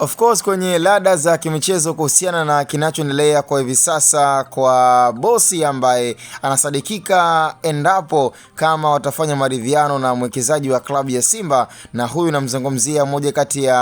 Of course kwenye lada za kimichezo kuhusiana na kinachoendelea kwa hivi sasa kwa bosi ambaye anasadikika, endapo kama watafanya maridhiano na mwekezaji wa klabu ya Simba, na huyu namzungumzia moja kati ya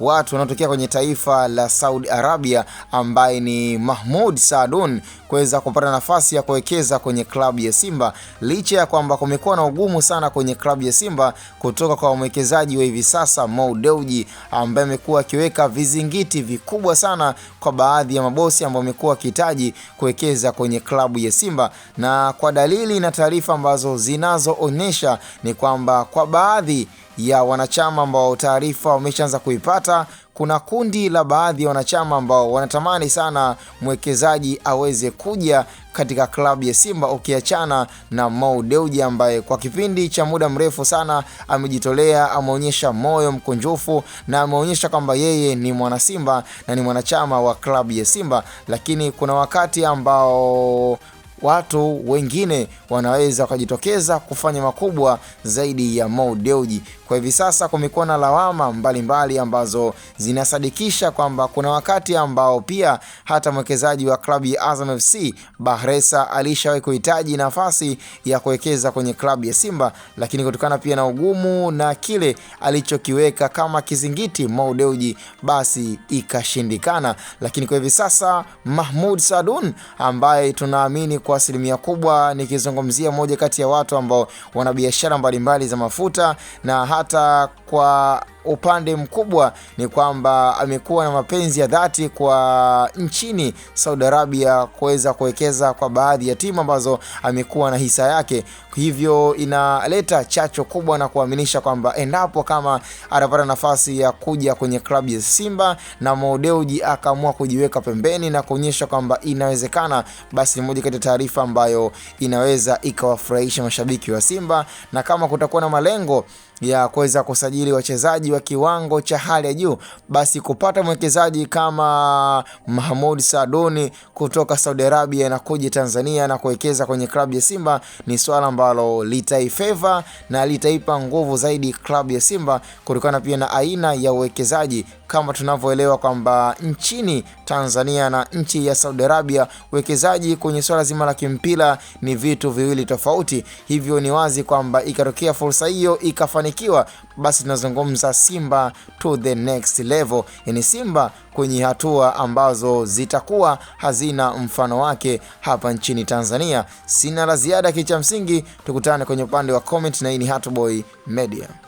watu wanaotokea kwenye taifa la Saudi Arabia ambaye ni Mahmoud Saadun kuweza kupata nafasi ya kuwekeza kwenye klabu ya Simba licha ya kwamba kumekuwa na ugumu sana kwenye klabu ya Simba kutoka kwa mwekezaji wa hivi sasa Mo Dewji ambaye amekuwa akiweka vizingiti vikubwa sana kwa baadhi ya mabosi ambao wamekuwa wakihitaji kuwekeza kwenye klabu ya Simba, na kwa dalili na taarifa ambazo zinazoonyesha ni kwamba kwa baadhi ya wanachama ambao taarifa wameshaanza kuipata. Kuna kundi la baadhi ya wanachama ambao wanatamani sana mwekezaji aweze kuja katika klabu ya Simba, ukiachana na Mo Dewji ambaye kwa kipindi cha muda mrefu sana amejitolea, ameonyesha moyo mkunjufu na ameonyesha kwamba yeye ni mwana Simba na ni mwanachama wa klabu ya Simba, lakini kuna wakati ambao watu wengine wanaweza wakajitokeza kufanya makubwa zaidi ya Mo Dewji. Kwa hivi sasa kumekuwa na lawama mbalimbali ambazo zinasadikisha kwamba kuna wakati ambao pia hata mwekezaji wa klabu ya Azam FC Bahresa alishawahi kuhitaji nafasi ya kuwekeza kwenye klabu ya Simba, lakini kutokana pia na ugumu na kile alichokiweka kama kizingiti Mo Dewji, basi ikashindikana. Lakini kwa hivi sasa mahmud Sadun ambaye tunaamini kwa asilimia kubwa, nikizungumzia moja kati ya watu ambao wana biashara mbalimbali za mafuta na hata kwa upande mkubwa ni kwamba amekuwa na mapenzi ya dhati kwa nchini Saudi Arabia kuweza kuwekeza kwa baadhi ya timu ambazo amekuwa na hisa yake, hivyo inaleta chacho kubwa na kuaminisha kwamba endapo kama atapata nafasi ya kuja kwenye klabu ya Simba na Modeuji akaamua kujiweka pembeni na kuonyesha kwamba inawezekana, basi ni moja kati ya taarifa ambayo inaweza ikawafurahisha mashabiki wa Simba na kama kutakuwa na malengo ya kuweza kusajili wachezaji wa kiwango cha hali ya juu, basi kupata mwekezaji kama Mahmoud Sadoni kutoka Saudi Arabia na kuja Tanzania na kuwekeza kwenye klabu ya Simba ni swala ambalo litaifeva na litaipa nguvu zaidi klabu ya Simba kutokana pia na aina ya uwekezaji kama tunavyoelewa kwamba nchini Tanzania na nchi ya Saudi Arabia uwekezaji kwenye swala zima la kimpira ni vitu viwili tofauti. Hivyo ni wazi kwamba ikatokea fursa hiyo ikafanikiwa, basi tunazungumza Simba to the next level, yani Simba kwenye hatua ambazo zitakuwa hazina mfano wake hapa nchini Tanzania. Sina la ziada, kicha msingi tukutane kwenye upande wa comment, na hii ni Hatboy Media.